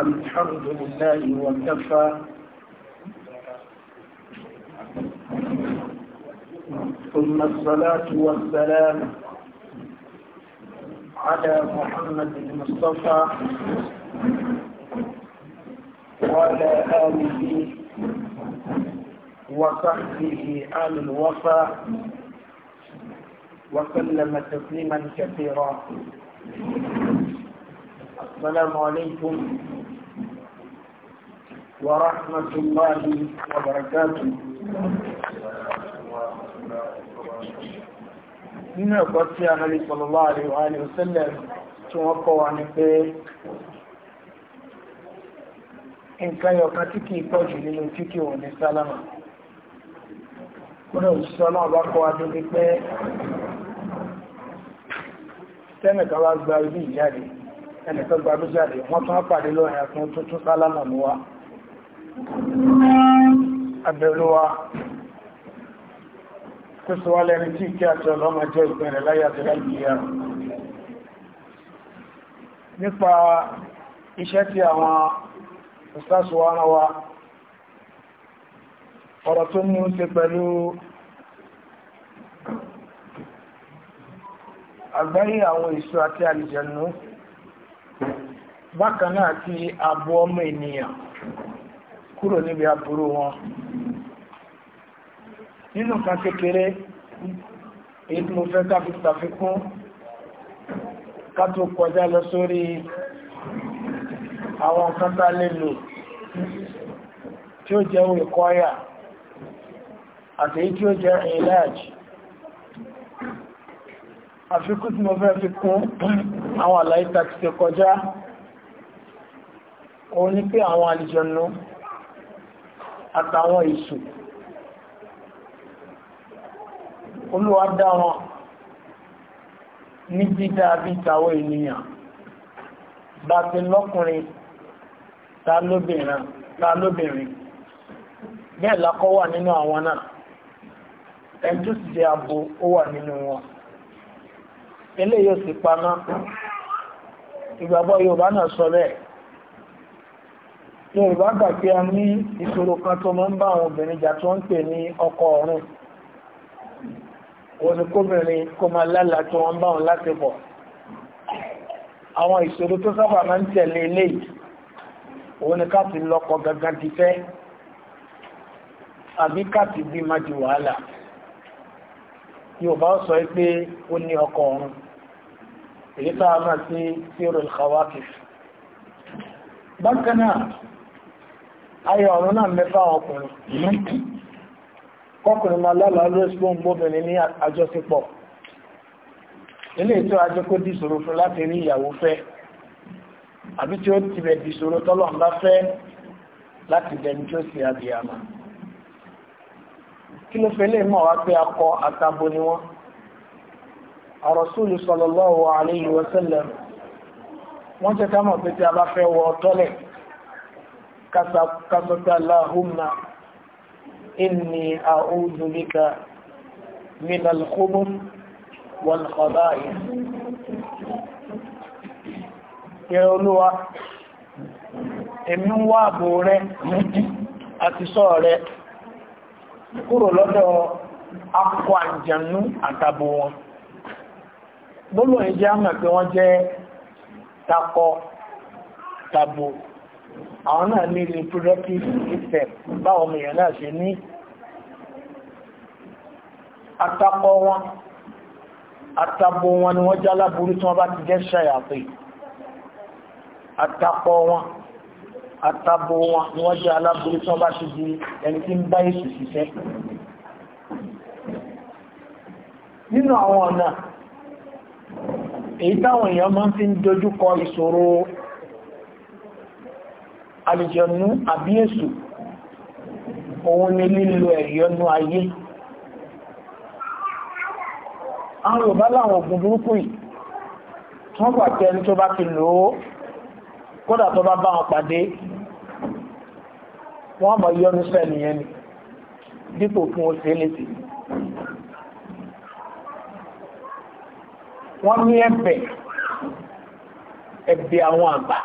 الحمد لله وكفى ثم الصلاة والسلام على محمد المصطفى وعلى آله وصحبه آل الوفا وسلم تسليما كثيرا السلام عليكم ورحمة الله وبركاته nínú ẹ̀kọ́ tí a nàlè sallallahu alaihi wa sallam tí wọ́n kọ́ wa ní pé nǹkan yọ̀ká tí kìí pọ̀jù nínú títí wọn ní sálámà kúrò òṣìṣẹ́ náà bá kọ́ wa tó ní pé tẹ́nìkan wá gba ibi ìjáde ẹnìkan gbàdú jáde wọ́n tún pàdé lọ́rin àtún tuntun sálámà mú wa abẹ́lúwa tó sọ wá lẹ́rin tí kí àti ọlọ́mọ jẹ́ ìpínrẹ̀ láyé àti láìpìyà nípa iṣẹ́ tí àwọn ìsásùwá rán wa ọ̀rọ̀ tó ní ń ṣe pẹ̀lú àgbáyé àwọn èso àti àlìjẹ̀nú bákan náà àti ààbò ọmọ ènìyàn kúrò níbi aburú wọn nínú kan kékeré èyí tí mo fẹ́ káfí tàfikún ká tó kọjá lọ sórí àwọn nǹkan tá lè lò tí ó jẹ́ ohun ìkọ́yà àti èyí tí ó jẹ́ ìlàjì àfikún tí mo fẹ́ fi kún àwọn àlàyé tàkìtẹ̀ kọjá òun ni pé àwọn àlìjọ̀nù àtàwọn èṣù olúwa dá wọn ní dídá bí tàwọn ènìyàn bá ti lọ́kùnrin ta lóbìnrin bẹ́ẹ̀ lákọ́ wà nínú àwọn náà ẹni tó sì jẹ́ abo ó wà nínú wọn eléyìí ò sì paná ìgbàgbọ́ Yorùbá náà sọ bẹ́ẹ̀ yorùbá gbà pé a ní ìṣòro kan tó máa ń bá àwọn obìnrin jà tó ń pè ní ọkọ ọ̀run wọ́n ni kóbìnrin kó máa lálà tó wọ́n bá wọn láti bọ̀ àwọn ìṣòro tó sábà máa ń tẹ̀lé eléyìí òun ni káàtì lọ́kọ gangan ti fẹ́ àbí káàtì bí má di wàhálà yorùbá sọ pé ó ní ọkọ ọ̀run èyí tá a máa sí sí rẹ̀ ayé ọ̀run náà mẹ́fà ọkùnrin kọkùnrin máa lálàá lóṣùgbọ́n gbóbìnrin ní àjọṣepọ̀ ilé ètò ajẹ́kó dìṣòro fún láti rí ìyàwó fẹ́ àbí tí ó tibẹ̀ dìṣòro tọ́lọ̀ ń bá fẹ́ láti dẹni tó sì àbíyàmà kí ló fẹ́ lè mọ̀ wá pé akọ àtabo ni wọ́n àrọ̀súlù sallallahu alayhi wa sallam wọ́n jẹ́ ká mọ̀ pé tí a bá fẹ́ wọ tọ́lẹ̀ kasọta láhùnmá inni a'udhu bika min al-khubuth wal khaba'ith ìrẹ̀ olúwa èmi ń wá àbò rẹ àti sọ rẹ kúrò lọ́dọ̀ akọ àjànú àtàbò wọn gbọ́lọ̀ ìjẹ́ àmà pé wọ́n jẹ́ takọ tàbò àwọn náà ní ilé productive system báwọn ọmọ èèyàn náà ṣe ní atakọ wọn atabo wọn ni wọ́n jálá burú tí wọ́n bá ti jẹ́ ṣàyàpé atakọ wọn atabo wọn ni wọ́n jẹ́ aláburú tí wọ́n bá ti di ẹni tí ń bá èsù ṣiṣẹ́ nínú àwọn ọ̀nà èyí táwọn èèyàn máa fi ń dojúkọ ìṣòro àlùjọ̀nú àbí èṣù òun ni lílo ẹ̀yọnú ayé àwọn Yorùbá láwọn ogun burúkú yìí wọ́n gbà pé ẹni tó bá ti lò ó kódà tó bá bá wọn pàdé wọ́n mọ̀ yọ́nú sẹ́ni yẹn ni dípò fún oṣù eléti wọ́n ní ẹ̀bẹ̀ ẹ̀bẹ̀ àwọn àgbà